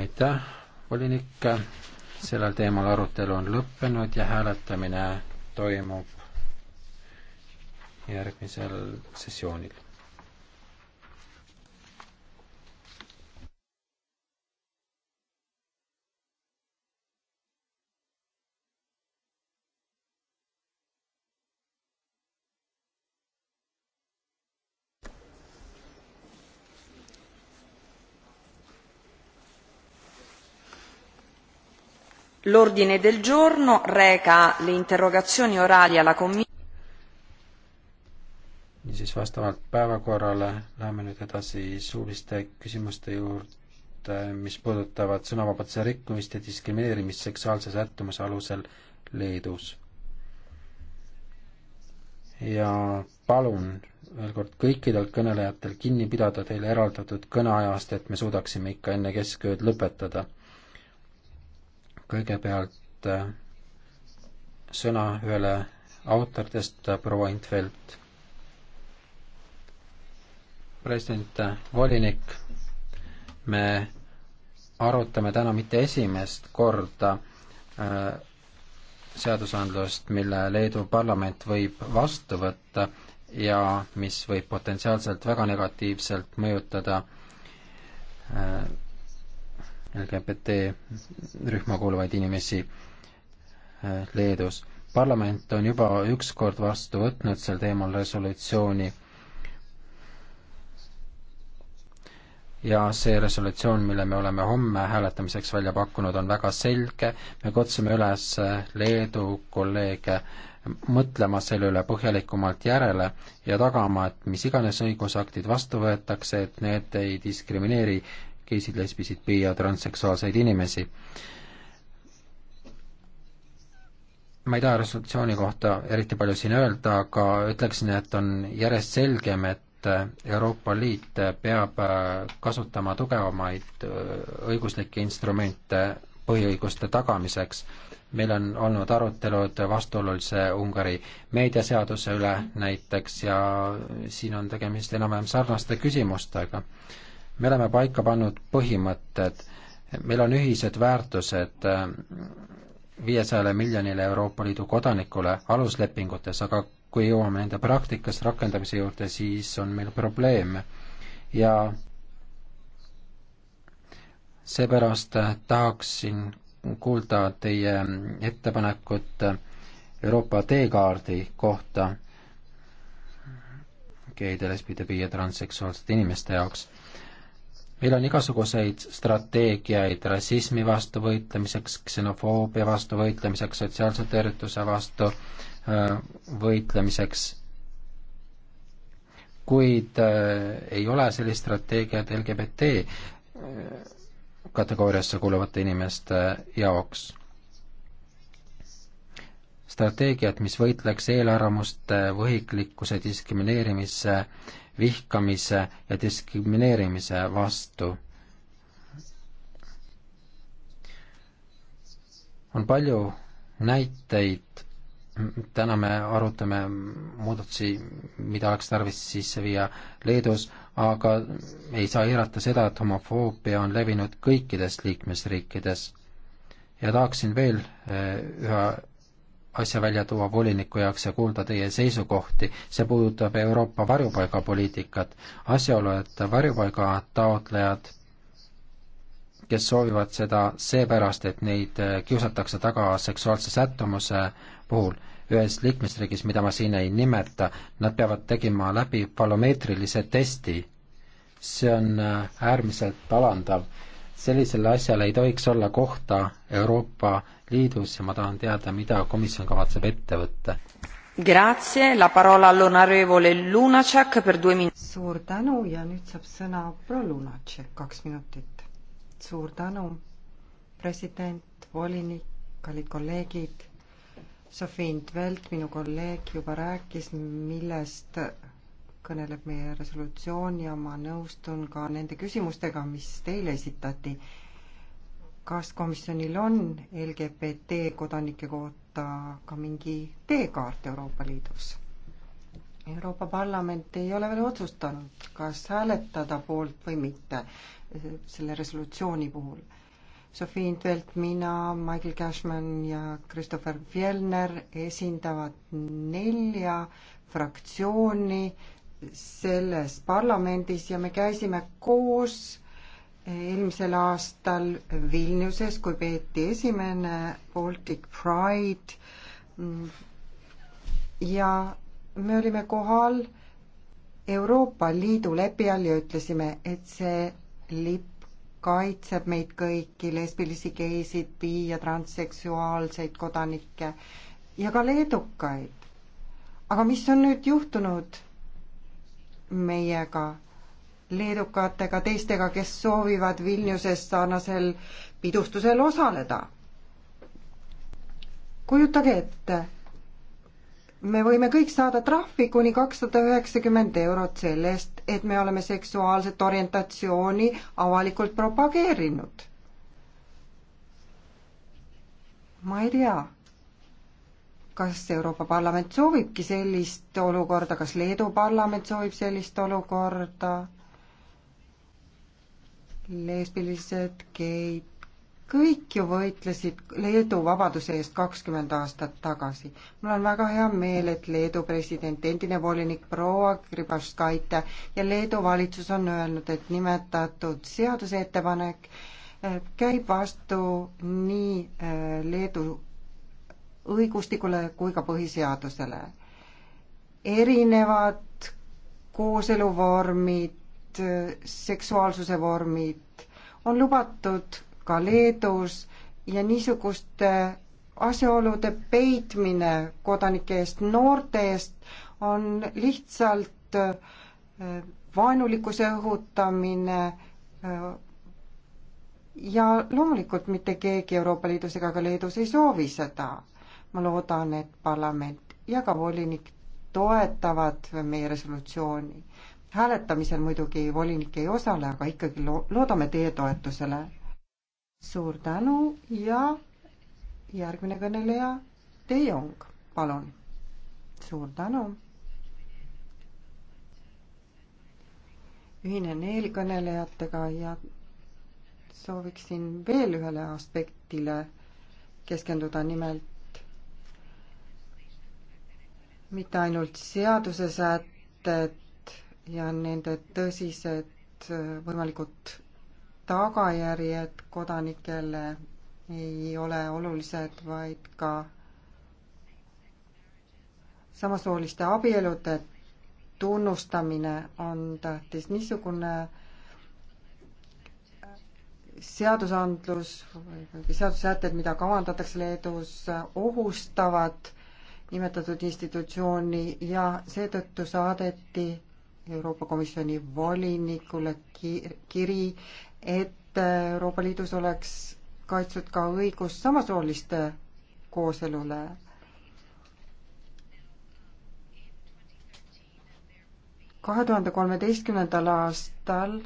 aitäh, volinik, sellel teemal arutelu on lõppenud ja hääletamine toimub järgmisel sessioonil L'ordine del giorno reca le interrogazioni orali alla commissione. niisiis, vastavalt päevakorrale läheme nüüd edasi suuliste küsimuste juurde, mis puudutavad sõnavabaduse rikkumist ja diskrimineerimist seksuaalse sättumuse alusel Leedus. ja palun veel kord kõikidel kõnelejatel kinni pidada teile eraldatud kõneajast, et me suudaksime ikka enne keskööd lõpetada kõigepealt äh, sõna ühele autoritest, äh, proua Intveld. president, äh, volinik, me arutame täna mitte esimest korda äh, seadusandlust, mille Leedu parlament võib vastu võtta ja mis võib potentsiaalselt väga negatiivselt mõjutada äh, LGBT rühma kuuluvaid inimesi äh, Leedus. parlament on juba ükskord vastu võtnud sel teemal resolutsiooni ja see resolutsioon, mille me oleme homme hääletamiseks välja pakkunud, on väga selge, me kutsume üles äh, Leedu kolleege mõtlema selle üle põhjalikumalt järele ja tagama, et mis iganes õigusaktid vastu võetakse, et need ei diskrimineeri geisid, lesbisid, bi- ja transseksuaalseid inimesi. ma ei taha resolutsiooni kohta eriti palju siin öelda, aga ütleksin, et on järjest selgem, et Euroopa Liit peab kasutama tugevamaid õiguslikke instrumente põhiõiguste tagamiseks. meil on olnud arutelud vastuolulise Ungari meediaseaduse üle näiteks ja siin on tegemist enam-vähem sarnaste küsimustega me oleme paika pannud põhimõtted, meil on ühised väärtused äh, viiesajale miljonile Euroopa Liidu kodanikule aluslepingutes, aga kui jõuame nende praktikas rakendamise juurde, siis on meil probleeme. ja seepärast äh, tahaksin kuulda teie ettepanekut äh, Euroopa teekaardi kohta geide, lesbide, bi- ja transseksuaalsete inimeste jaoks meil on igasuguseid strateegiaid rassismi vastu võitlemiseks, ksenofoobia vastu võitlemiseks, sotsiaalse tõrjutuse vastu äh, võitlemiseks, kuid äh, ei ole sellist strateegiat LGBT äh, kategooriasse kuuluvate inimeste jaoks strateegiat, mis võitleks eelarvamuste, võhiklikkuse, diskrimineerimise, vihkamise ja diskrimineerimise vastu. on palju näiteid, täna me arutame muudatusi, mida oleks tarvis sisse viia Leedus, aga ei saa eirata seda, et homofoobia on levinud kõikides liikmesriikides. ja tahaksin veel eh, ühe asja välja tuua voliniku jaoks ja kuulda teie seisukohti. see puudutab Euroopa varjupaigapoliitikat. asjaolu, et varjupaiga taotlejad, kes soovivad seda seepärast, et neid eh, kiusatakse taga seksuaalse sättumuse puhul ühes liikmesriigis, mida ma siin ei nimeta, nad peavad tegema läbi balomeetrilise testi. see on eh, äärmiselt alandav sellisele asjale ei tohiks olla kohta Euroopa Liidus ja ma tahan teada, mida komisjon kavatseb ette võtta. Grazie, la parola all'onorevole Lunacek per due min-. suur tänu ja nüüd saab sõna proua Lunacek, kaks minutit. suur tänu, president, volinik, kallid kolleegid. Sofiin Tvelt, minu kolleeg, juba rääkis, millest kõneleb meie resolutsioon ja ma nõustun ka nende küsimustega, mis teile esitati. kas komisjonil on LGBT kodanike kohta ka mingi teekaart Euroopa Liidus? Euroopa Parlament ei ole veel otsustanud, kas hääletada poolt või mitte selle resolutsiooni puhul. Sofi Intvelt, mina, Michael Cashman ja Christopher Fjellner esindavad nelja fraktsiooni selles parlamendis ja me käisime koos eelmisel aastal Vilniuses, kui peeti esimene Baltic Pride ja me olime kohal Euroopa Liidu lepi all ja ütlesime, et see lipp kaitseb meid kõiki, lesbilisi, geisid, bi- ja transseksuaalseid kodanikke ja ka leedukaid. aga mis on nüüd juhtunud? meiega, leedukatega, teistega, kes soovivad Vilniuses sarnasel pidustusel osaleda. kujutage ette, me võime kõik saada trahvi kuni kakssada üheksakümmend eurot selle eest, et me oleme seksuaalset orientatsiooni avalikult propageerinud. ma ei tea kas Euroopa Parlament soovibki sellist olukorda, kas Leedu parlament soovib sellist olukorda? lesbilised, geid, kõik ju võitlesid Leedu vabaduse eest kakskümmend aastat tagasi. mul on väga hea meel, et Leedu president, endine volinik proua Gribaškaite ja Leedu valitsus on öelnud, et nimetatud seaduseettepanek eh, käib vastu nii eh, Leedu õigustikule kui ka põhiseadusele. erinevad kooseluvormid, seksuaalsuse vormid on lubatud ka Leedus ja niisuguste asjaolude peitmine kodanike eest, noorte eest on lihtsalt äh, vaenulikkuse õhutamine äh, ja loomulikult mitte keegi Euroopa Liidus ega ka Leedus ei soovi seda ma loodan, et parlament ja ka volinik toetavad meie resolutsiooni. hääletamisel muidugi volinik ei osale, aga ikkagi lo-, loodame teie toetusele. suur tänu ja järgmine kõneleja, De Jong, palun. suur tänu. ühinen eelkõnelejatega ja sooviksin veel ühele aspektile keskenduda, nimelt mitte ainult seadusesätted ja nende tõsised äh, võimalikud tagajärjed kodanikele ei ole olulised, vaid ka samasooliste abielude tunnustamine on tähtis. niisugune äh, seadusandlus või seadusesätted, mida kavandatakse Leedus, äh, ohustavad nimetatud institutsiooni ja seetõttu saadeti Euroopa Komisjoni volinikule kiri, et Euroopa Liidus oleks kaitstud ka õigus samasooliste kooselule kahe tuhande kolmeteistkümnendal aastal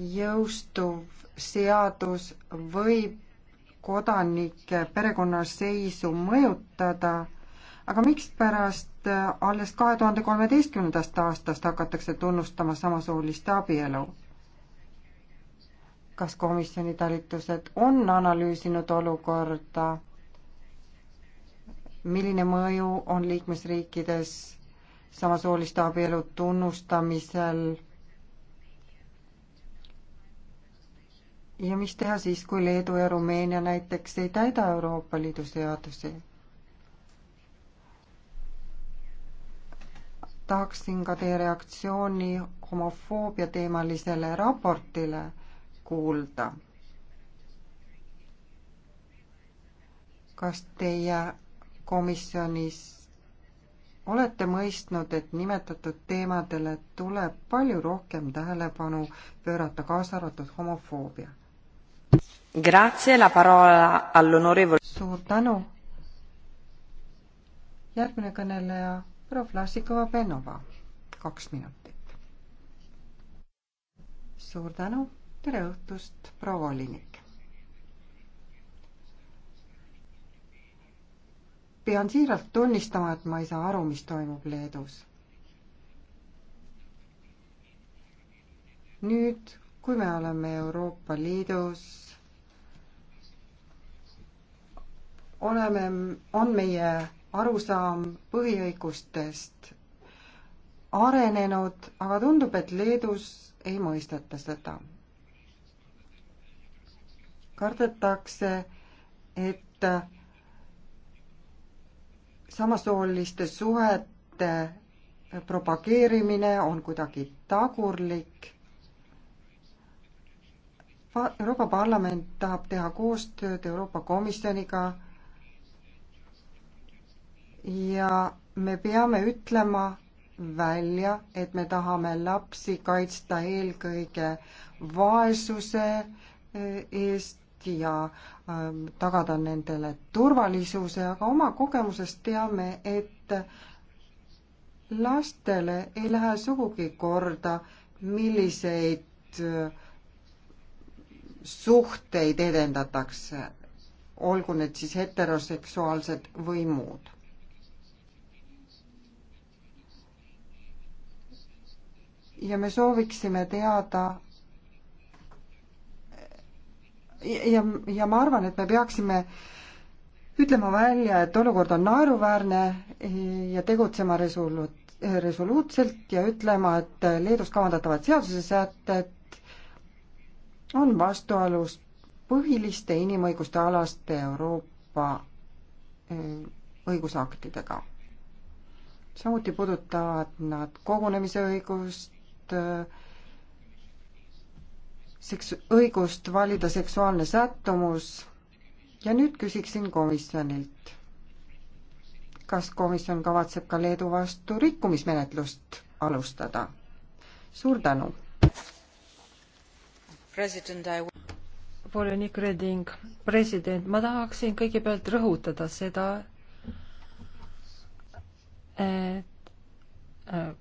jõustuv seadus võib kodanike perekonnaseisu mõjutada, aga mikspärast alles kahe tuhande kolmeteistkümnendast aastast hakatakse tunnustama samasoolist abielu? kas komisjoni talitused on analüüsinud olukorda, milline mõju on liikmesriikides samasooliste abielu tunnustamisel ja mis teha siis, kui Leedu ja Rumeenia näiteks ei täida Euroopa Liidu seadusi? tahaksin ka teie reaktsiooni homofoobia teemalisele raportile kuulda. kas teie komisjonis olete mõistnud, et nimetatud teemadele tuleb palju rohkem tähelepanu pöörata, kaasa arvatud homofoobia? Grazie, la parola all'onorevole. suur tänu. järgmine kõneleja, proua Vlasikova-Benova, kaks minutit. suur tänu, tere õhtust, proua volinik. pean siiralt tunnistama, et ma ei saa aru, mis toimub Leedus. nüüd, kui me oleme Euroopa Liidus oleme, on meie arusaam põhiõigustest arenenud, aga tundub, et Leedus ei mõisteta seda. kardetakse, et samasooliste suhete propageerimine on kuidagi tagurlik. Euroopa Parlament tahab teha koostööd Euroopa Komisjoniga ja me peame ütlema välja, et me tahame lapsi kaitsta eelkõige vaesuse e, eest ja ähm, tagada nendele turvalisuse, aga oma kogemusest teame, et lastele ei lähe sugugi korda, milliseid äh, suhteid edendatakse, olgu need siis heteroseksuaalsed või muud ja me sooviksime teada ja, ja ma arvan, et me peaksime ütlema välja, et olukord on naeruväärne ja tegutsema resoluut-, resoluutselt ja ütlema, et Leedus kavandatavad seadusesätted on vastuolus põhiliste inimõiguste alaste Euroopa eh, õigusaktidega. samuti puudutavad nad kogunemisõigust, Äh, seks-, õigust valida seksuaalne sättumus ja nüüd küsiksin komisjonilt, kas komisjon kavatseb ka Leedu vastu rikkumismenetlust alustada? suur tänu! president I volinik Reding, president, ma tahaksin kõigepealt rõhutada seda, et äh,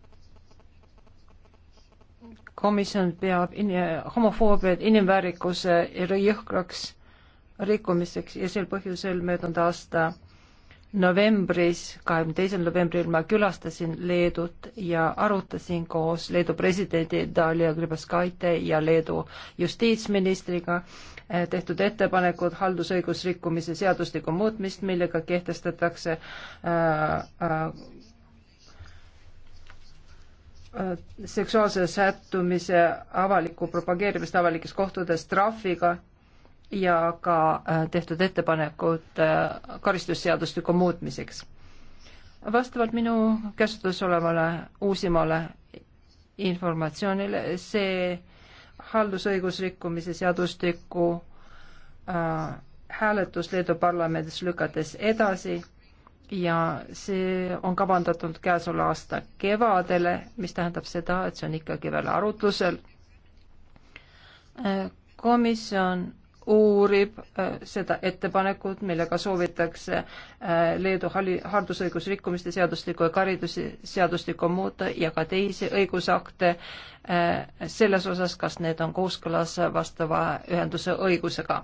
komisjon peab in, homofoobiat inimväärikuse jõhkraks rikkumiseks ja sel põhjusel möödunud aasta novembris, kahekümne teisel novembril ma külastasin Leedut ja arutasin koos Leedu presidendi Dalia Gribaskaite ja Leedu justiitsministriga eh, tehtud ettepanekud haldusõigusrikkumise seadustiku muutmist, millega kehtestatakse äh, äh, Äh, seksuaalse sättumise avalikku propageerimist avalikes kohtades trahviga ja ka äh, tehtud ettepanekud äh, karistusseadustiku muutmiseks. vastavalt minu käsutuses olevale uusimale informatsioonile see haldusõigusrikkumise seadustiku äh, hääletus Leedu parlamendis lükates edasi ja see on kavandatud käesoleva aasta kevadele, mis tähendab seda, et see on ikkagi veel arutlusel. komisjon uurib äh, seda ettepanekut, millega soovitakse äh, Leedu haldusõigusrikkumiste seadustiku ja karidusseadustikku muuta ja ka teisi õigusakte äh, selles osas, kas need on kooskõlas vastava ühenduse õigusega.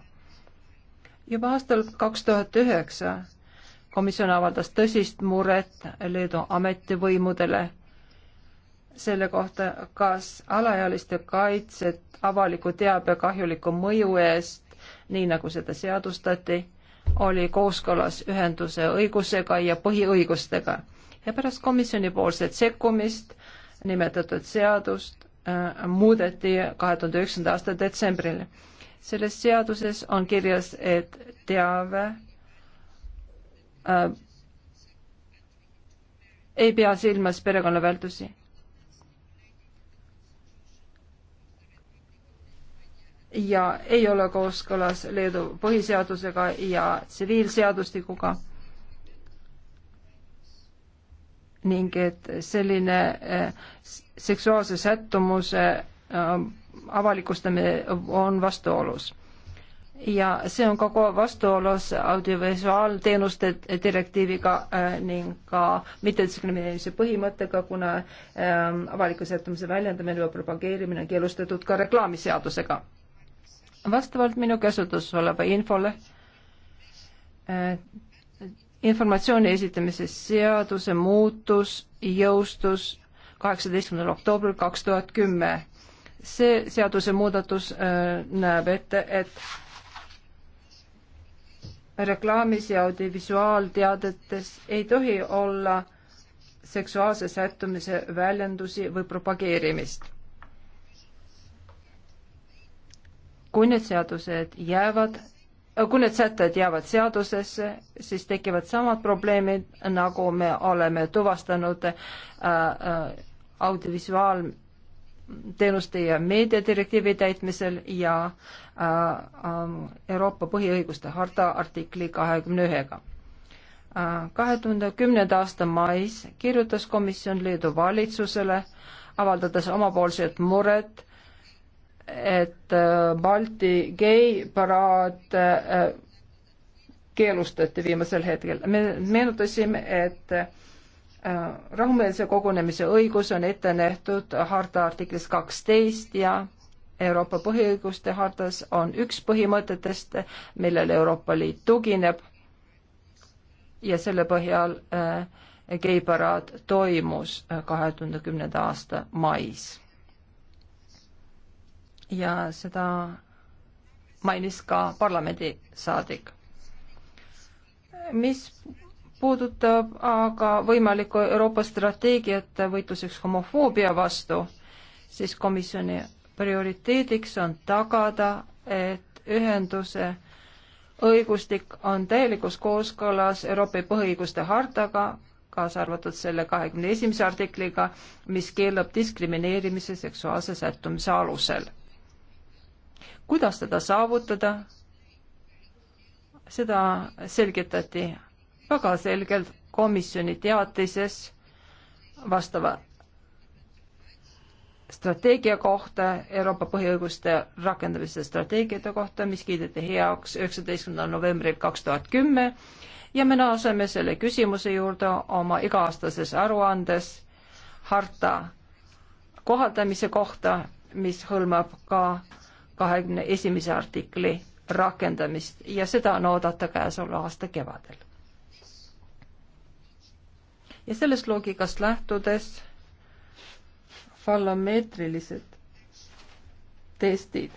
juba aastal kaks tuhat üheksa komisjon avaldas tõsist muret Leedu ametivõimudele selle kohta, kas alaealiste kaitset avaliku teabe kahjuliku mõju eest, nii nagu seda seadustati, oli kooskõlas ühenduse õigusega ja põhiõigustega. ja pärast komisjonipoolset sekkumist nimetatud seadust äh, muudeti kahe tuhande üheksanda aasta detsembril. selles seaduses on kirjas, et teave äh, ei pea silmas perekonnaväärtusi. ja ei ole kooskõlas Leedu põhiseadusega ja tsiviilseadustikuga ning et selline äh, seksuaalse sättumuse äh, avalikustamine on vastuolus ja see on ka vastuolus audiovisuaalteenuste direktiiviga äh, ning ka mittediskrimineerimise põhimõttega, kuna ähm, avaliku sättumuse väljendamine või propageerimine on keelustatud ka reklaamiseadusega. vastavalt minu käsutuses oleva infole äh, informatsiooni esitamise seaduse muutus jõustus kaheksateistkümnendal oktoobril kaks tuhat kümme. see seadusemuudatus äh, näeb ette, et reklaamis ja audiovisuaalteadetes ei tohi olla seksuaalse sättumise väljendusi või propageerimist. kui need seadused jäävad, kui need sätted jäävad seadusesse, siis tekivad samad probleemid, nagu me oleme tuvastanud äh, äh, audiovisuaal- teenuste ja meediadirektiivi täitmisel ja äh, ähm, Euroopa põhiõiguste harta artikli kahekümne ühega. Äh, kahe tuhande kümnenda aasta mais kirjutas komisjon Leedu valitsusele, avaldades omapoolset muret, et äh, Balti geiparaad keelustati viimasel hetkel. me meenutasime, et Äh, rahumeelse kogunemise õigus on ette nähtud harta artiklis kaksteist ja Euroopa põhiõiguste hartas on üks põhimõtetest, millele Euroopa Liit tugineb ja selle põhjal äh, geiparaad toimus äh, kahe tuhande kümnenda aasta mais. ja seda mainis ka parlamendisaadik. mis puudutab aga võimalikku Euroopa strateegiat võitluseks homofoobia vastu, siis komisjoni prioriteediks on tagada, et ühenduse õigustik on täielikus kooskõlas Euroopa põhiõiguste hartaga, kaasa arvatud selle kahekümne esimese artikliga, mis keelab diskrimineerimise seksuaalse sättumise alusel. kuidas seda saavutada? seda selgitati väga selgelt komisjoni teatises vastava strateegia kohta, Euroopa põhiõiguste rakendamise strateegiate kohta, mis kiideti heaks üheksateistkümnendal novembril kaks tuhat kümme ja me naaseme selle küsimuse juurde oma iga-aastases aruandes harta kohaldamise kohta, mis hõlmab ka kahekümne esimese artikli rakendamist ja seda on oodata käesoleva aasta kevadel ja sellest loogikast lähtudes fallomeetrilised testid,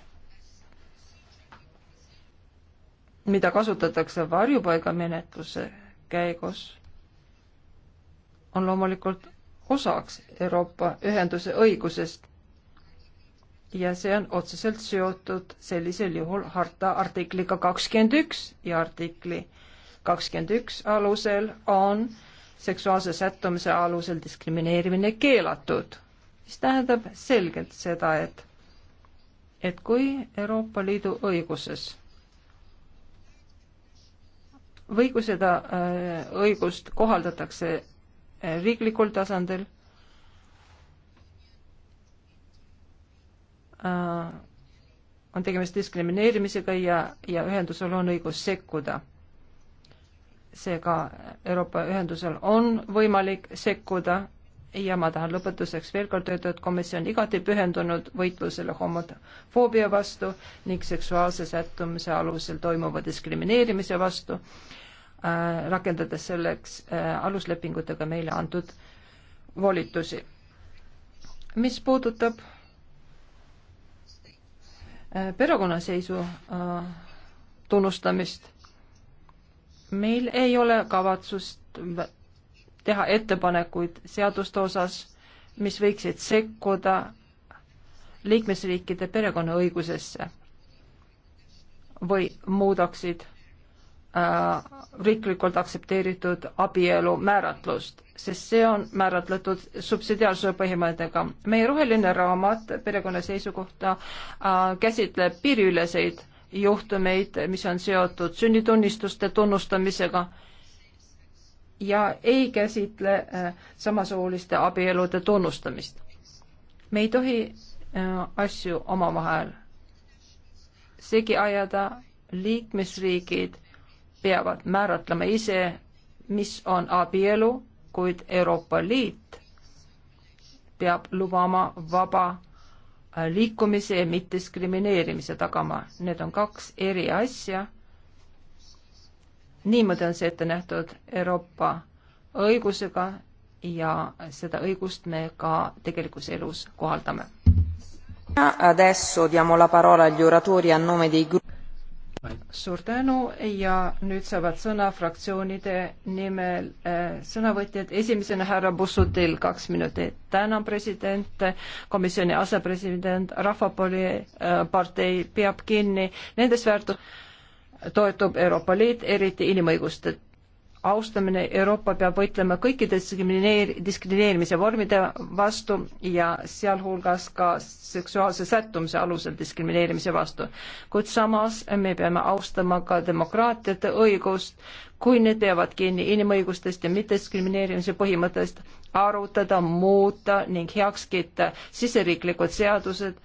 mida kasutatakse varjupaigamenetluse käigus, on loomulikult osaks Euroopa ühenduse õigusest ja see on otseselt seotud sellisel juhul harta artikliga kakskümmend üks ja artikli kakskümmend üks alusel on äh, seksuaalse sättumise alusel diskrimineerimine keelatud, mis tähendab selgelt seda, et, et kui Euroopa Liidu õiguses või kui seda äh, õigust kohaldatakse äh, riiklikul tasandil, äh, on tegemist diskrimineerimisega ja, ja ühendusel on õigus sekkuda seega Euroopa Ühendusel on võimalik sekkuda ja ma tahan lõpetuseks veel kord öelda, et komisjon igati pühendunud võitlusele homofoobia vastu ning seksuaalse sättumise alusel toimuva diskrimineerimise vastu äh,, rakendades selleks äh, aluslepingutega meile antud volitusi. mis puudutab äh, perekonnaseisu äh, tunnustamist meil ei ole kavatsust teha ettepanekuid seaduste osas, mis võiksid sekkuda liikmesriikide perekonnaõigusesse või muudaksid äh, riiklikult aktsepteeritud abielu määratlust, sest see on määratletud subsidiaarsuse põhimõttega. meie roheline raamat perekonna seisukohta äh, käsitleb piiriüleseid juhtumeid, mis on seotud sünnitunnistuste tunnustamisega ja ei käsitle äh, samasooliste abielude tunnustamist. me ei tohi äh, asju omavahel segi ajada, liikmesriigid peavad määratlema ise, mis on abielu, kuid Euroopa Liit peab lubama vaba Äh, liikumise ja mittediskrimineerimise tagama. Need on kaks eri asja. niimoodi on see ette nähtud Euroopa õigusega ja seda õigust me ka tegelikus elus kohaldame. Adesso diamo la parola agli oratori a nome dei gruppi suur tänu ja nüüd saavad sõna fraktsioonide nimel äh, sõnavõtjad. esimesena härra Bussutil kaks minutit. tänan president, komisjoni asepresident, Rahvapartei äh, peab kinni nendest väärtustest, toetub Euroopa Liit, eriti inimõiguste austamine, Euroopa peab võitlema kõikide diskrimineer-, diskrimineerimise vormide vastu ja sealhulgas ka seksuaalse sättumuse alusel diskrimineerimise vastu. kuid samas me peame austama ka demokraatiate õigust, kui need peavad kinni inimõigustest ja mittediskrimineerimise põhimõttest, arutada, muuta ning heaks kiita siseriiklikud seadused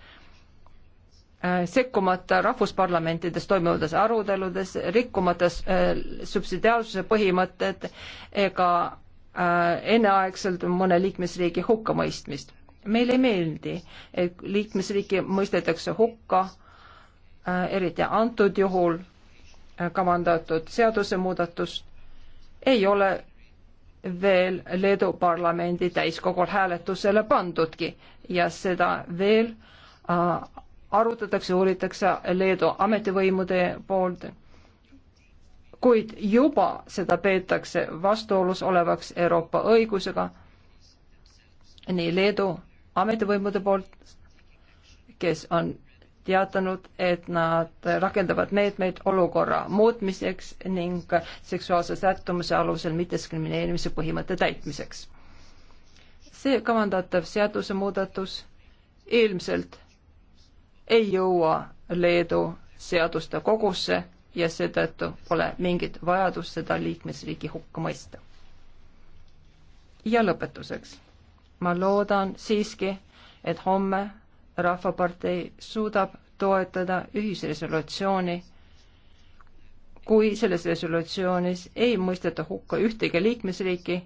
Äh, sekkumata rahvusparlamentides toimuvates aruteludes, rikkumata äh, subsidiaalsuse põhimõtted ega äh, enneaegselt mõne liikmesriigi hukkamõistmist. meile ei meeldi, et liikmesriiki mõistetakse hukka, eriti antud juhul kavandatud seadusemuudatust ei ole veel Leedu parlamendi täiskogul hääletusele pandudki ja seda veel arutatakse, uuritakse Leedu ametivõimude poolt, kuid juba seda peetakse vastuolus olevaks Euroopa õigusega nii Leedu ametivõimude poolt, kes on teatanud, et nad rakendavad meetmeid olukorra muutmiseks ning seksuaalse sättumuse alusel mittediskrimineerimise põhimõtte täitmiseks. see kavandatav seadusemuudatus ilmselt ei jõua Leedu seaduste kogusse ja seetõttu pole mingit vajadust seda liikmesriigi hukka mõista. ja lõpetuseks. ma loodan siiski, et homme Rahvapartei suudab toetada ühisresolutsiooni, kui selles resolutsioonis ei mõisteta hukka ühtegi liikmesriiki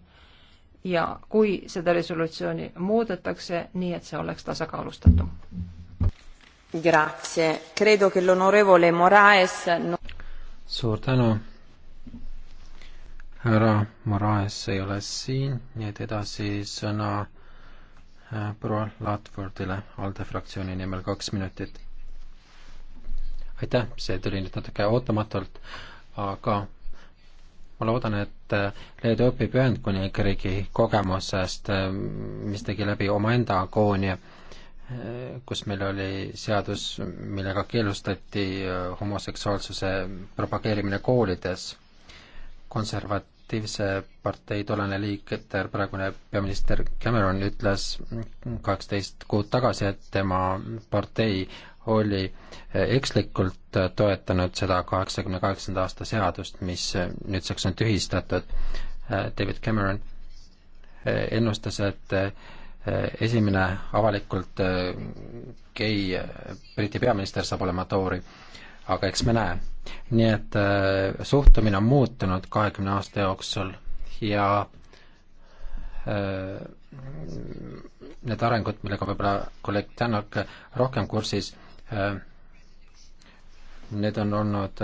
ja kui seda resolutsiooni muudetakse nii, et see oleks tasakaalustatum. Grazie. Credo che l'onorevole Moraes... No... Suur tänu. härra Moraes ei ole siin, nii et edasi sõna äh, proua Latvordile ALDE fraktsiooni nimel kaks minutit. aitäh, see tuli nüüd natuke ootamatult, aga ma loodan, et äh, Leedu õpib Ühendkuningriigi kogemusest, äh, mis tegi läbi omaenda agoonia kus meil oli seadus, millega keelustati äh, homoseksuaalsuse propageerimine koolides. konservatiivse partei tollane liikmeter, praegune peaminister Cameron ütles kaheksateist kuud tagasi, et tema partei oli äh, ekslikult äh, toetanud seda kaheksakümne kaheksanda aasta seadust, mis nüüdseks on tühistatud. David Cameron ennustas, et Eh, esimene avalikult eh, gei eh, Briti peaminister saab olema Tory, aga eks me näe. nii et suhtumine on muutunud kahekümne aasta jooksul ja need arengud, millega võib-olla kolleeg Tänak rohkem kursis, need on olnud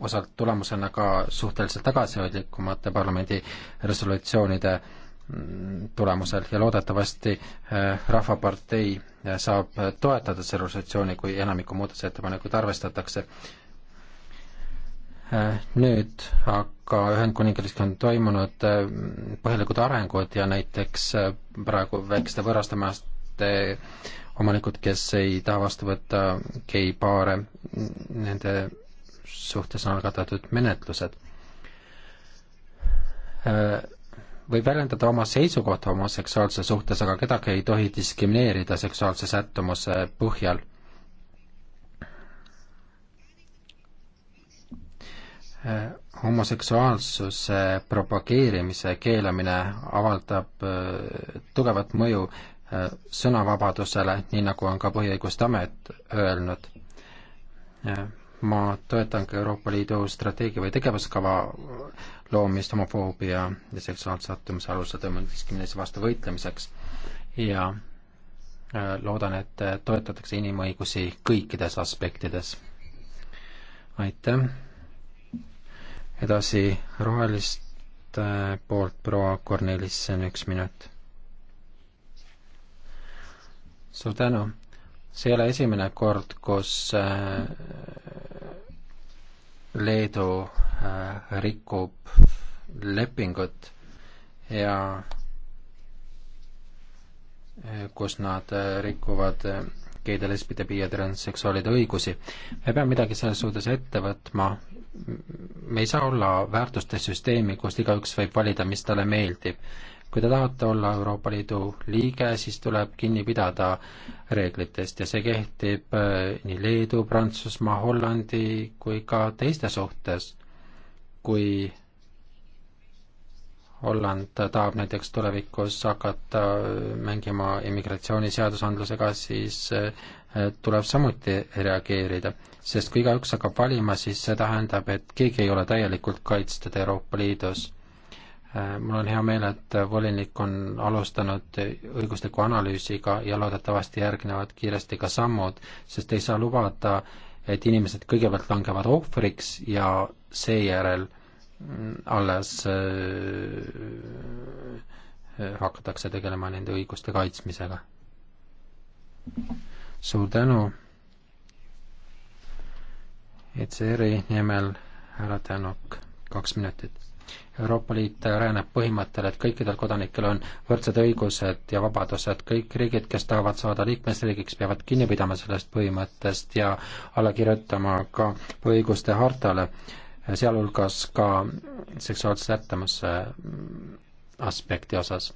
osalt tulemusena ka suhteliselt tagasihoidlikumate parlamendi resolutsioonide äh, tulemusel ja loodetavasti eh, Rahvapartei eh, saab eh, toetada selle resolutsiooni, kui enamiku muudatusettepanekuid arvestatakse. Nüüd aga Ühendkuningriigis on toimunud põhjalikud arengud ja näiteks praegu väikeste võõrastemajast omanikud, kes ei taha vastu võtta geipaare, nende suhtes on algatatud menetlused võib väljendada oma seisukohta homoseksuaalsuse suhtes, aga kedagi ei tohi diskrimineerida seksuaalse sättumuse põhjal. homoseksuaalsuse propageerimise keelamine avaldab äh, tugevat mõju äh, sõnavabadusele, nii nagu on ka Põhiõiguste Amet öelnud. Äh, ma toetan ka Euroopa Liidu strateegia või tegevuskava loomist homofoobia ja seksuaalse sattumuse alusel tõmbunud diskrimineerimise vastu võitlemiseks ja äh, loodan, et äh, toetatakse inimõigusi kõikides aspektides. aitäh! edasi roheliste äh, poolt proua Kornelissen, üks minut. suur tänu! see ei ole esimene kord, kus Leedu Äh, rikub lepingut ja äh, kus nad äh, rikuvad geide, lesbide, bi- ja transseksuaalide õigusi. me peame midagi selles suhtes ette võtma, me ei saa olla väärtuste süsteemi, kus igaüks võib valida, mis talle meeldib. kui te tahate olla Euroopa Liidu liige, siis tuleb kinni pidada reeglitest ja see kehtib nii Leedu, Prantsusmaa, Hollandi kui ka teiste suhtes kui Holland tahab näiteks tulevikus hakata mängima immigratsiooniseadusandlusega, siis eh, tuleb samuti reageerida. sest kui igaüks hakkab valima, siis see tähendab, et keegi ei ole täielikult kaitstud Euroopa Liidus. Eh, mul on hea meel, et volinik on alustanud õigusliku analüüsiga ja loodetavasti järgnevad kiiresti ka sammud, sest ei saa lubada, et inimesed kõigepealt langevad ohvriks ja seejärel alles äh, äh, hakatakse tegelema nende õiguste kaitsmisega. suur tänu ECR-i nimel härra Tänok, kaks minutit. Euroopa Liit rääneb põhimõttel, et kõikidel kodanikel on võrdsed õigused ja vabadused, kõik riigid, kes tahavad saada liikmesriigiks, peavad kinni pidama sellest põhimõttest ja alla kirjutama ka põhiõiguste hartale sealhulgas ka seksuaalse sättumuse aspekti osas.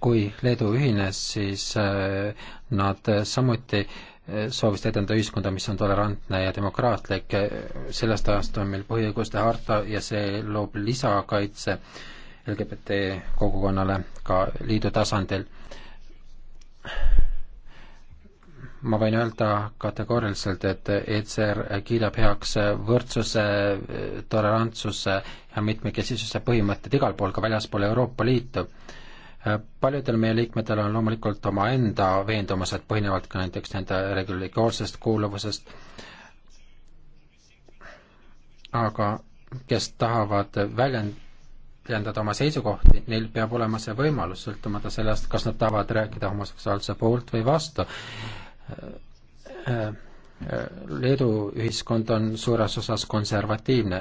kui Leedu ühines, siis äh, nad samuti äh, soovisid edendada ühiskonda, mis on tolerantne ja demokraatlik, sellest ajast on meil põhiõiguste harta ja see loob lisakaitse LGBT kogukonnale ka liidu tasandil ma võin öelda kategooriliselt, et ECR kiidab heaks võrdsuse, tolerantsuse ja mitmekesisuse põhimõtted igal pool, ka väljaspool Euroopa Liitu. paljudel meie liikmetel on loomulikult omaenda veendumused, põhinevad ka näiteks nende regulaarsest kuuluvusest, aga kes tahavad väljend-, väljendada oma seisukohti, neil peab olema see võimalus, sõltumata sellest, kas nad tahavad rääkida homoseksuaalsuse poolt või vastu. Äh, äh, Leedu ühiskond on suures osas konservatiivne.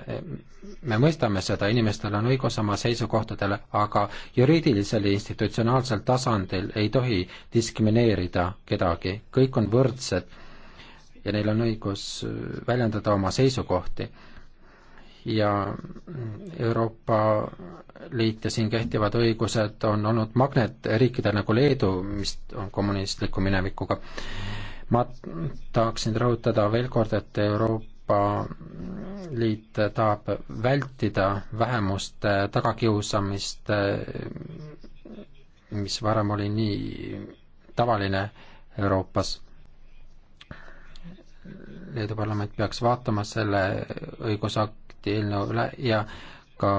me mõistame seda, inimestel on õigus oma seisukohtadele, aga juriidilisel ja institutsionaalsel tasandil ei tohi diskrimineerida kedagi, kõik on võrdsed ja neil on õigus väljendada oma seisukohti ja Euroopa Liit ja siin kehtivad õigused on olnud magnet riikidel nagu Leedu, mis on kommunistliku minevikuga. ma tahaksin rõhutada veel kord, et Euroopa Liit tahab vältida vähemuste tagakiusamist, mis varem oli nii tavaline Euroopas Leedu parlament peaks vaatama selle õigusakti uuesti eelnõu üle ja ka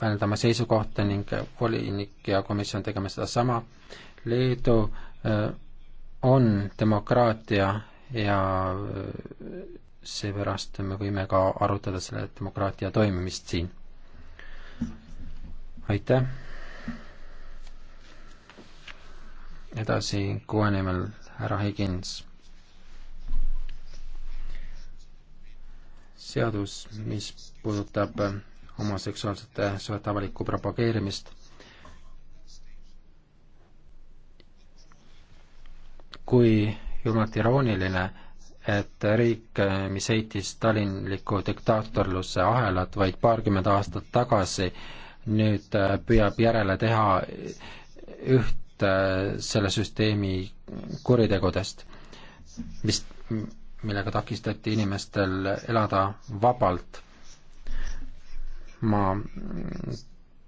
väljendama seisukohta ning volinik ja komisjon tegema sedasama. Leedu on demokraatia ja seepärast me võime ka arutada selle demokraatia toimimist siin. aitäh! edasi kuue nimel härra Higins seadus, mis puudutab äh, homoseksuaalsete suhete avalikku propageerimist. kui julmalt irooniline, et riik, äh, mis heitis stalinliku diktaatorluse ahelat vaid paarkümmend aastat tagasi, nüüd äh, püüab järele teha üht selle süsteemi kuritegudest, mis millega takistati inimestel elada vabalt. ma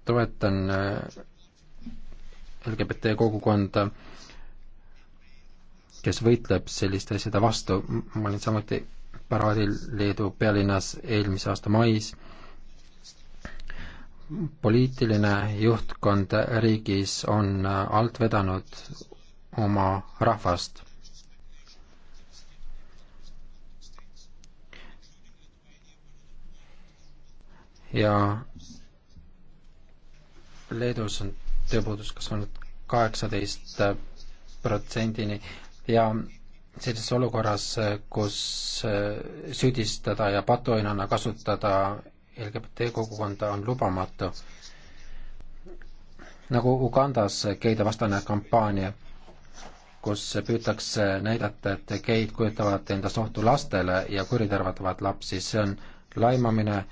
toetan äh, LGBT kogukonda, kes võitleb selliste asjade vastu, ma olin samuti paraadil Leedu pealinnas eelmise aasta mais, poliitiline juhtkond riigis on äh, alt vedanud oma rahvast ja Leedus on tööpuudus kasvanud kaheksateist protsendini ja sellises olukorras, kus äh, süüdistada ja patuoinana kasutada LGBT kogukonda on lubamatu. nagu Ugandas geide vastane kampaania, kus püütakse näidata, et geid kujutavad endast ohtu lastele ja kuritarvatavad lapsi, see on laimamine,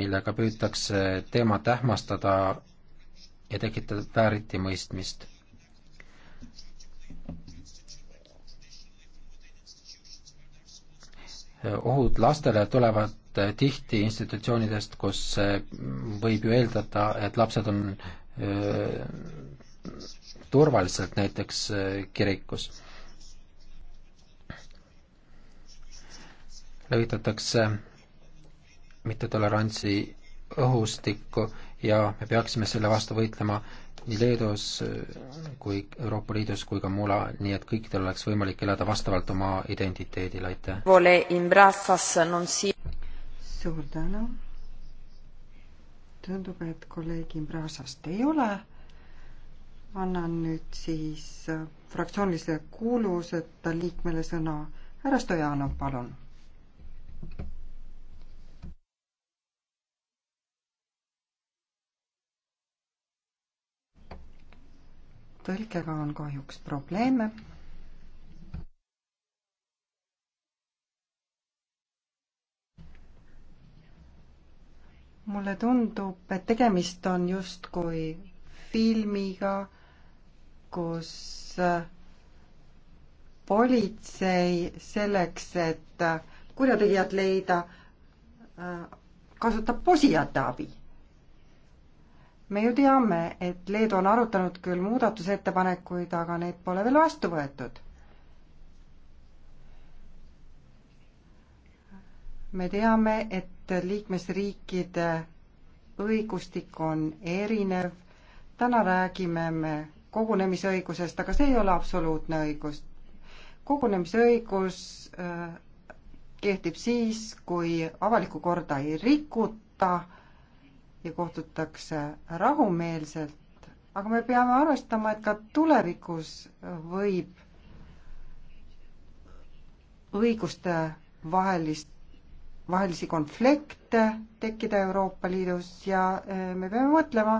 millega püütakse teemat ähmastada ja tekitada vääritimõistmist. ohud lastele tulevad tihti institutsioonidest, kus võib ju eeldada, et lapsed on öö, äh, turvaliselt näiteks äh, kirikus levitatakse mittetolerantsi õhustikku ja me peaksime selle vastu võitlema nii Leedus äh, kui Euroopa Liidus kui ka mujal, nii et kõikidel oleks võimalik elada vastavalt oma identiteedile, aitäh! suur tänu! tundub, et kolleeg Imbrasast ei ole. annan nüüd siis äh, fraktsioonilise kuuluvuseta liikmele sõna. härra Stojanov, palun tõlkega on kahjuks probleeme. mulle tundub, et tegemist on justkui filmiga, kus äh, politsei selleks, et äh, kurjategijad leida, äh, kasutab posijate abi me ju teame, et Leedu on arutanud küll muudatusettepanekuid, aga neid pole veel vastu võetud. me teame, et liikmesriikide õigustik on erinev. täna räägime me kogunemisõigusest, aga see ei ole absoluutne õigus. kogunemisõigus äh, kehtib siis, kui avalikku korda ei rikuta ja kohtutakse rahumeelselt, aga me peame arvestama, et ka tulevikus võib õiguste vahelist, vahelisi konflikte tekkida Euroopa Liidus ja eh, me peame mõtlema,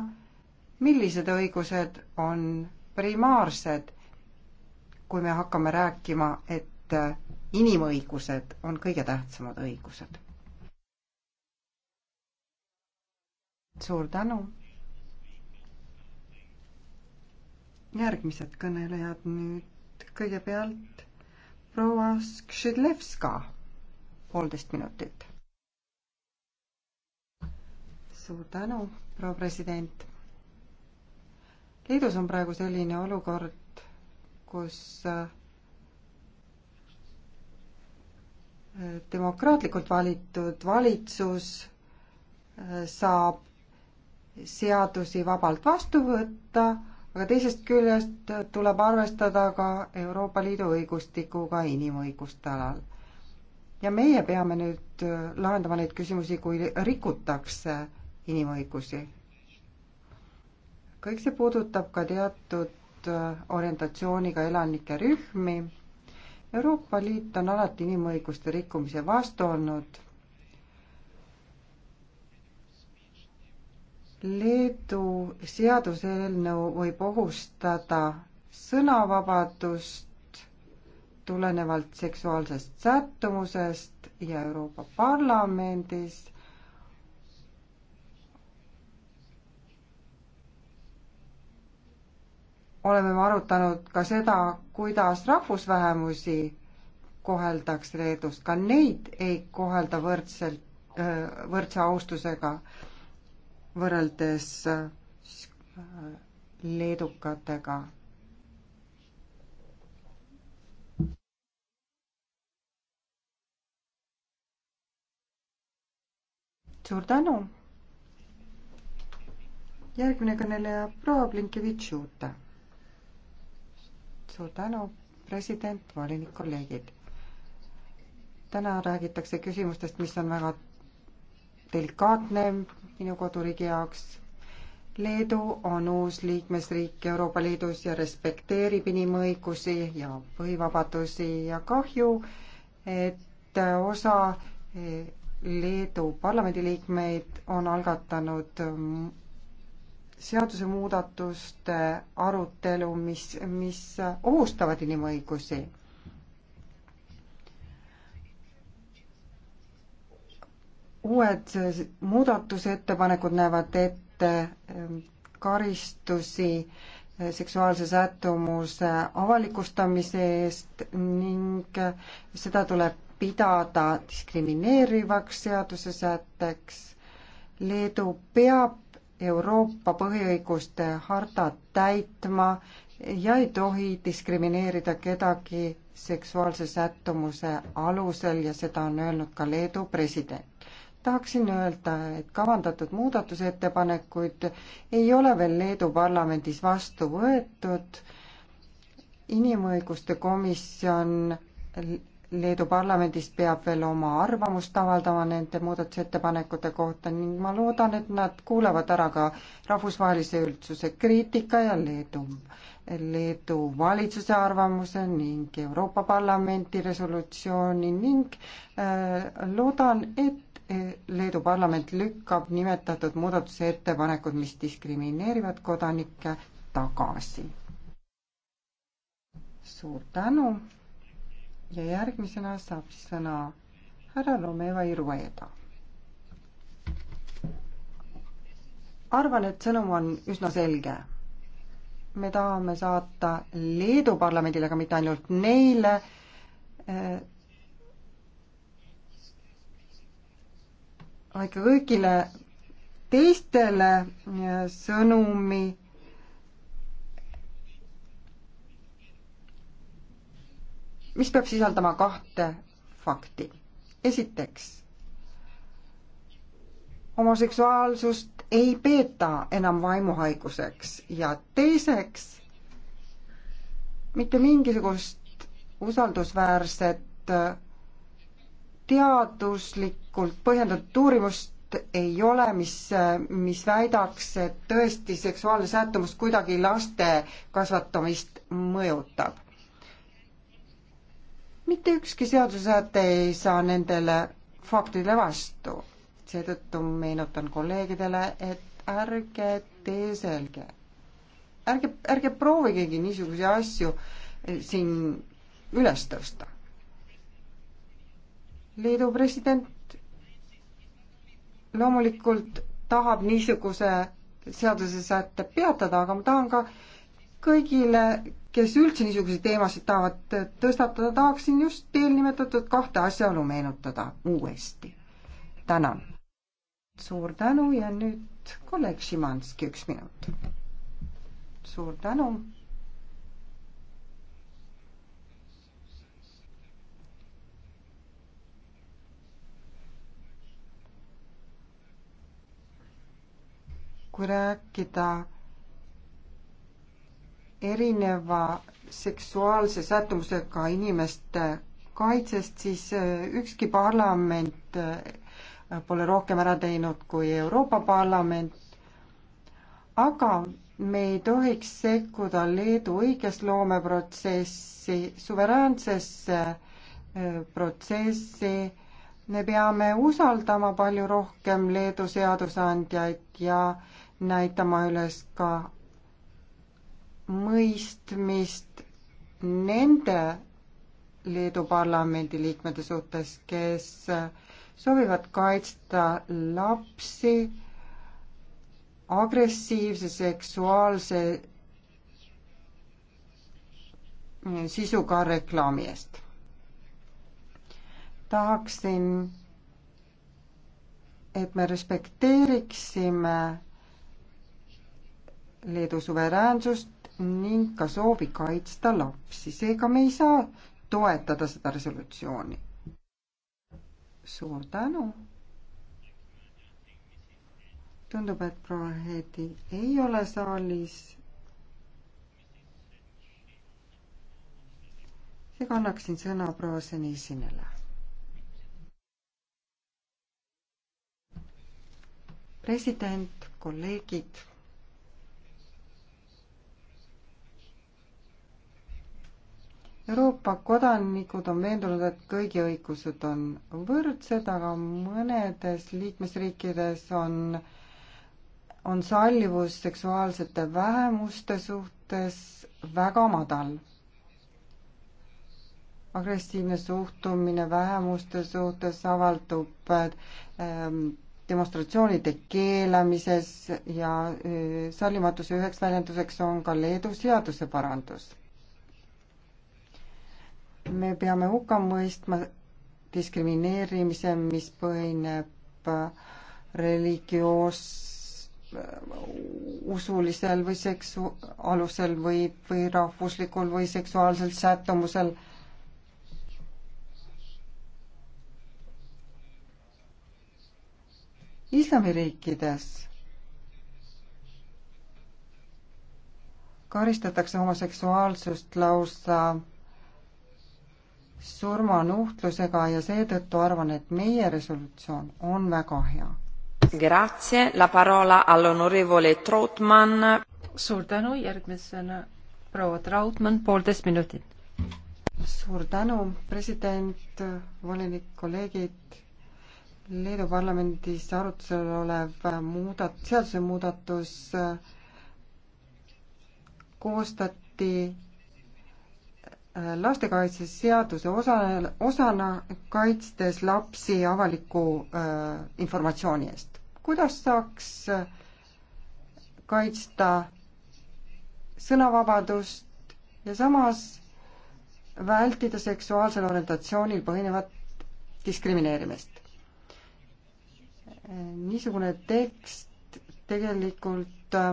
millised õigused on primaarsed, kui me hakkame rääkima, et eh, inimõigused on kõige tähtsamad õigused suur tänu. järgmised kõnelejad nüüd kõigepealt proua Skšedlevska, poolteist minutit. suur tänu, proua president. Leedus on praegu selline olukord, kus äh, demokraatlikult valitud valitsus äh, saab seadusi vabalt vastu võtta, aga teisest küljest tuleb arvestada ka Euroopa Liidu õigustikuga inimõiguste alal. ja meie peame nüüd lahendama neid küsimusi, kui rikutakse inimõigusi. kõik see puudutab ka teatud orientatsiooniga elanike rühmi. Euroopa Liit on alati inimõiguste rikkumise vastu olnud Leedu seaduseelnõu võib ohustada sõnavabadust tulenevalt seksuaalsest sättumusest ja Euroopa Parlamendis oleme me arutanud ka seda, kuidas rahvusvähemusi koheldaks Leedus, ka neid ei kohelda võrdselt, võrdse austusega võrreldes äh, leedukatega. suur tänu. järgmine kõneleja, proua Blinkevitš-Juuta. suur tänu, president, volinik, kolleegid. täna räägitakse küsimustest, mis on väga delikaatne, minu koduriigi jaoks. Leedu on uus liikmesriik Euroopa Liidus ja respekteerib inimõigusi ja põhivabadusi ja kahju, et osa e, Leedu parlamendiliikmeid on algatanud seadusemuudatuste arutelu, mis, mis ohustavad inimõigusi. uued äh, muudatusettepanekud näevad ette ähm, karistusi äh, seksuaalse sättumuse avalikustamise eest ning äh, seda tuleb pidada diskrimineerivaks seadusesätteks. Leedu peab Euroopa põhiõiguste hartat täitma ja ei tohi diskrimineerida kedagi seksuaalse sättumuse alusel ja seda on öelnud ka Leedu president tahaksin öelda, et kavandatud muudatusettepanekuid ei ole veel Leedu parlamendis vastu võetud. inimõiguste komisjon Leedu parlamendis peab veel oma arvamust avaldama nende muudatusettepanekute kohta ning ma loodan, et nad kuulavad ära ka rahvusvahelise üldsuse kriitika ja Leedu, Leedu valitsuse arvamuse ning Euroopa Parlamenti resolutsiooni ning äh, loodan, et Leedu parlament lükkab nimetatud muudatusettepanekud, mis diskrimineerivad kodanikke, tagasi. suur tänu ja järgmisena saab sõna härra Romeva Irueda. arvan, et sõnum on üsna selge. me tahame saata Leedu parlamendile, aga mitte ainult neile, ikka kõigile teistele sõnumi mis peab sisaldama kahte fakti. esiteks, homoseksuaalsust ei peeta enam vaimuhaiguseks ja teiseks, mitte mingisugust usaldusväärset teaduslikult põhjendatud uurimust ei ole, mis, mis väidaks, et tõesti seksuaalne sättumus kuidagi laste kasvatamist mõjutab. mitte ükski seadusesäte ei saa nendele faktidele vastu. seetõttu meenutan kolleegidele, et ärge tee selge. ärge, ärge proovigegi niisuguseid asju eh, siin üles tõsta Liidu president loomulikult tahab niisuguse seadusesätte peatada, aga ma tahan ka kõigile, kes üldse niisuguseid teemasid tahavad tõstatada, tahaksin just eelnimetatud kahte asjaolu meenutada uuesti. tänan. suur tänu ja nüüd kolleeg Šimanski, üks minut. suur tänu kui rääkida erineva seksuaalse sättumusega inimeste kaitsest, siis äh, ükski parlament äh, pole rohkem ära teinud kui Euroopa Parlament. aga me ei tohiks sekkuda Leedu õigesloomeprotsessi, suveräänsesse äh, protsessi. me peame usaldama palju rohkem Leedu seadusandjaid ja äh, näitama üles ka mõistmist nende Leedu parlamendi liikmete suhtes, kes soovivad kaitsta lapsi agressiivse seksuaalse sisuga reklaami eest. tahaksin, et me respekteeriksime Leedu suveräänsust ning ka soovi kaitsta lapsi, seega me ei saa toetada seda resolutsiooni. suur tänu. tundub, et proua Heedi ei ole saalis. seega annaksin sõna proua Senisinele. president, kolleegid Euroopa kodanikud on veendunud, et kõigi õigused on võrdsed, aga mõnedes liikmesriikides on, on sallivus seksuaalsete vähemuste suhtes väga madal. agressiivne suhtumine vähemuste suhtes avaldub ähm, demonstratsioonide keelamises ja äh, sallimatuse üheks väljenduseks on ka Leedu seaduseparandus me peame hukka mõistma diskrimineerimise, mis põhineb religioos, usulisel või seksu-, alusel või, või rahvuslikul või seksuaalsel sättumusel. islamiriikides karistatakse homoseksuaalsust lausa surmanuhtlusega ja seetõttu arvan, et meie resolutsioon on väga hea. Grazie, la parola all'onorevole Trautmann. suur tänu, järgmisena proua Trautmann, poolteist minutit. suur tänu, president, volinik, kolleegid. Leedu parlamendis arutusel olev muudat-, seadusemuudatus äh, koostati lastekaitseseaduse osana, osana kaitstes lapsi avaliku äh, informatsiooni eest. kuidas saaks äh, kaitsta sõnavabadust ja samas vältida seksuaalsel orientatsioonil põhinevat diskrimineerimist? Äh, niisugune tekst tegelikult äh,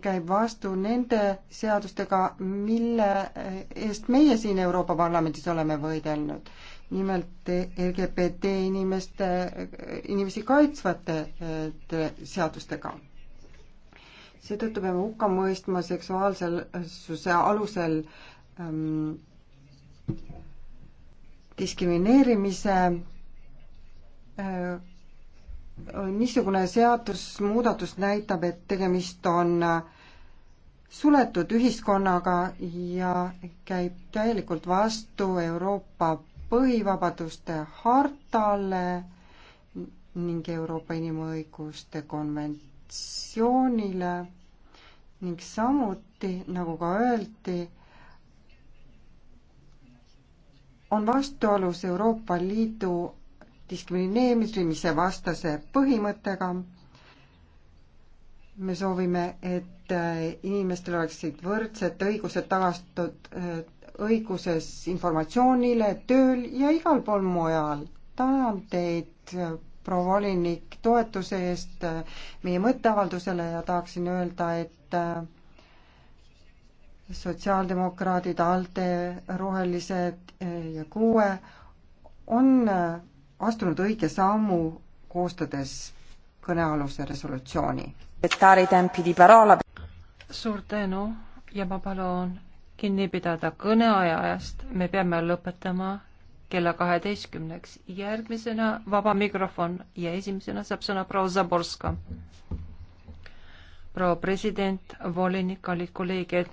käib vastu nende seadustega, mille eest meie siin Euroopa Parlamendis oleme võidelnud. nimelt LGBT inimeste, inimesi kaitsvate äh, seadustega. seetõttu peame hukka mõistma seksuaalsuse alusel ähm, diskrimineerimise äh, niisugune seadusmuudatus näitab, et tegemist on äh, suletud ühiskonnaga ja käib täielikult vastu Euroopa põhivabaduste hartale ning Euroopa inimõiguste konventsioonile ning samuti, nagu ka öeldi, on vastuolus Euroopa Liidu diskrimineerimise vastase põhimõttega. me soovime, et äh, inimestel oleksid võrdsed õigused tagastatud äh, õiguses informatsioonile, tööl ja igal pool mujal. tänan teid, äh, proua volinik, toetuse eest meie mõtteavaldusele ja tahaksin öelda, et sotsiaaldemokraadid, ALDE, Rohelised ja Kuue on astunud õige sammu, koostades kõnealuse resolutsiooni. suur tänu ja ma palun kinni pidada kõneaja ajast, me peame lõpetama kella kaheteistkümneks. järgmisena vaba mikrofon ja esimesena saab sõna proua Zaborska. proua president, volinik, kallid kolleegid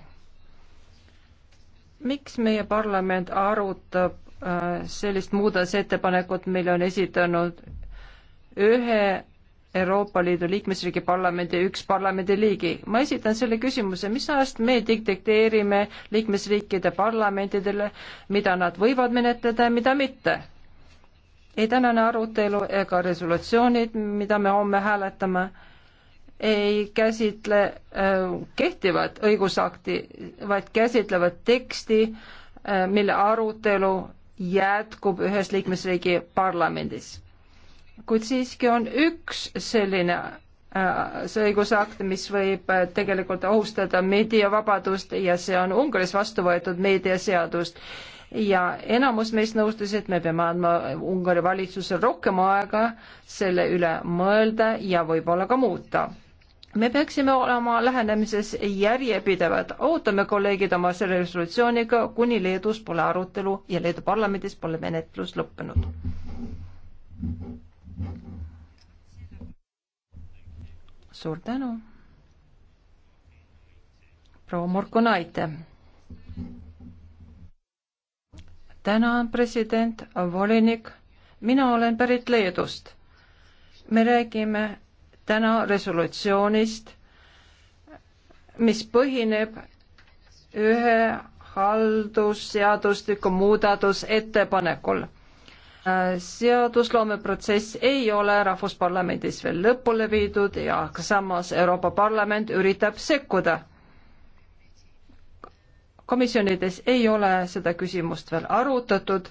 miks meie parlament arutab Äh, sellist muudatusettepanekut, mille on esitanud ühe Euroopa Liidu liikmesriigi parlamendi üks parlamendiliigi. ma esitan selle küsimuse, mis ajast me dikteerime liikmesriikide parlamentidele, mida nad võivad menetleda ja mida mitte? ei tänane arutelu ega resolutsioonid, mida me homme hääletame, ei käsitle äh, kehtivat õigusakti, vaid käsitlevad teksti äh,, mille arutelu jätkub ühes liikmesriigi parlamendis. kuid siiski on üks selline äh, see õigusakt, mis võib äh, tegelikult ohustada meediavabadust ja see on Ungaris vastu võetud meediaseadust ja enamus meist nõustus, et me peame andma Ungari valitsusele rohkem aega selle üle mõelda ja võib-olla ka muuta me peaksime olema lähenemises järjepidevad, ootame kolleegid oma selle resolutsiooniga, kuni Leedus pole arutelu ja Leedu parlamendis pole menetlus lõppenud. suur tänu. proua Morkonaite. tänan, president, volinik. mina olen pärit Leedust. me räägime täna resolutsioonist, mis põhineb ühe haldusseadustiku muudatusettepanekul. seadusloome protsess ei ole Rahvusparlamendis veel lõpule viidud ja samas Euroopa Parlament üritab sekkuda. komisjonides ei ole seda küsimust veel arutatud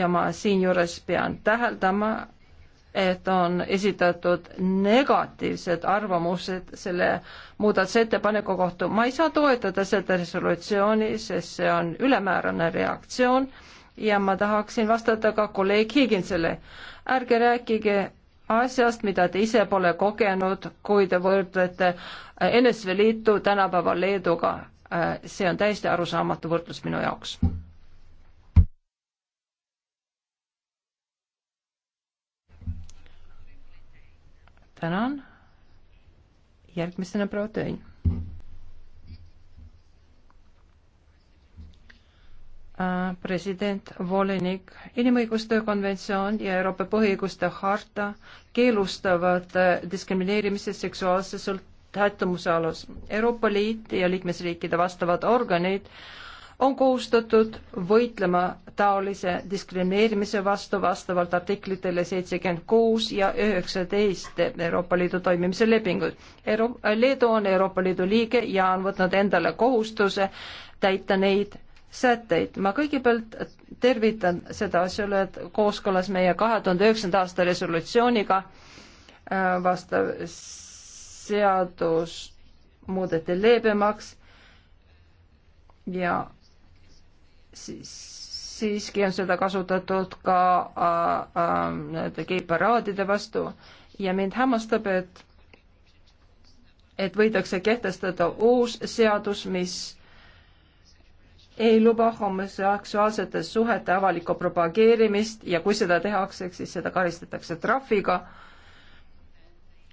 ja ma siinjuures pean täheldama, et on esitatud negatiivsed arvamused selle muudatusettepaneku kohta. ma ei saa toetada seda resolutsiooni, sest see on ülemäärane reaktsioon ja ma tahaksin vastata ka kolleeg Higinsele. ärge rääkige asjast, mida te ise pole kogenud, kui te võrdlete NSV Liitu tänapäeva Leeduga. Äh, see on täiesti arusaamatu võrdlus minu jaoks tänan. järgmisena proua Töin. Äh, president Volinik, inimõiguste konventsioon ja Euroopa põhiõiguste harta keelustavad äh, diskrimineerimise seksuaalse sõltumuse alus. Euroopa Liit ja liikmesriikide vastavad organid on kohustatud võitlema taolise diskrimineerimise vastu vastavalt artiklitele seitsekümmend kuus ja üheksateist Euroopa Liidu toimimise lepingut. Euro-, Leedu on Euroopa Liidu liige ja on võtnud endale kohustuse täita neid sätteid. ma kõigepealt tervitan seda asjaolu, et kooskõlas meie kahe tuhande üheksanda aasta resolutsiooniga äh, vastav seadus muudeti leebemaks ja siis siiski on seda kasutatud ka nii-öelda äh, äh, geiparaadide vastu ja mind hämmastab, et et võidakse kehtestada uus seadus, mis ei luba homoseksuaalsete suhete avalikku propageerimist ja kui seda tehakse, siis seda karistatakse trahviga äh,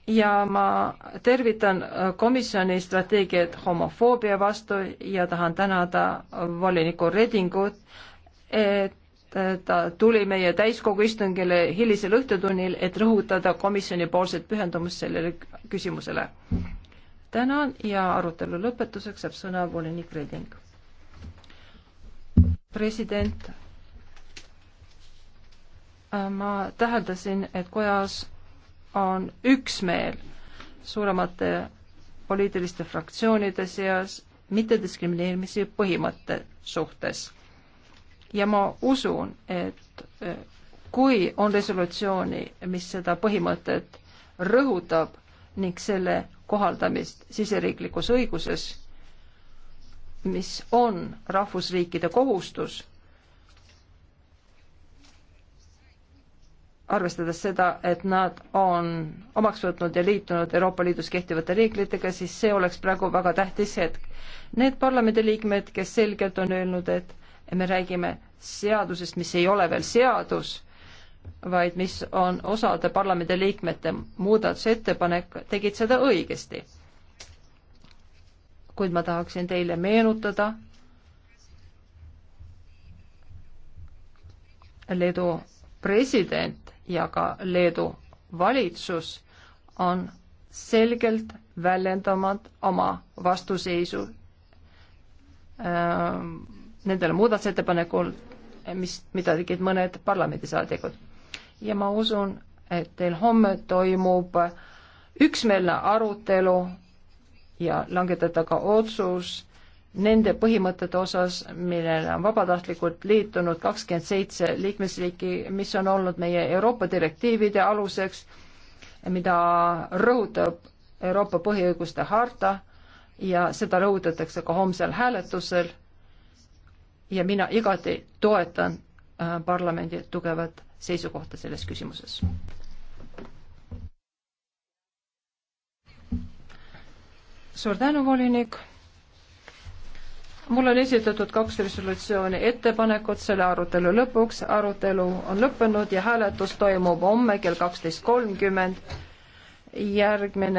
ja ma tervitan äh, komisjoni strateegiat homofoobia vastu ja tahan tänada voliniku Redingut, et äh, ta tuli meie täiskogu istungile hilisel õhtutunnil, et rõhutada komisjoni poolset pühendumust sellele küsimusele. tänan ja arutelu lõpetuseks saab sõna volinik Reding. president, äh, ma täheldasin, et kojas on üksmeel suuremate poliitiliste fraktsioonide seas mittediskrimineerimise põhimõtte suhtes. ja ma usun, et äh, kui on resolutsiooni, mis seda põhimõtet rõhutab ning selle kohaldamist siseriiklikus õiguses, mis on rahvusriikide kohustus arvestades seda, et nad on omaks võtnud ja liitunud Euroopa Liidus kehtivate reeglitega, siis see oleks praegu väga tähtis hetk. Need parlamendiliikmed, kes selgelt on öelnud, et me räägime seadusest, mis ei ole veel seadus, vaid mis on osade parlamendiliikmete muudatusettepanek, tegid seda õigesti. kuid ma tahaksin teile meenutada Leedu president ja ka Leedu valitsus on selgelt väljendamad oma vastuseisu äh, nendele muudatusettepanekul, mis, mida tegid mõned parlamendisaadikud. ja ma usun, et teil homme toimub üksmeelne arutelu ja langetada ka otsus nende põhimõtete osas, millele on vabatahtlikult liitunud kakskümmend seitse liikmesriiki, mis on olnud meie Euroopa direktiivide aluseks, mida rõhutab Euroopa põhiõiguste harta ja seda rõhutatakse ka homsel hääletusel. ja mina igati toetan äh, parlamendi tugevat seisukohta selles küsimuses. suur tänu, volinik mul on esitatud kaks resolutsiooni ettepanekut selle arutelu lõpuks. arutelu on lõppenud ja hääletus toimub homme kell kaksteist kolmkümmend. järgmine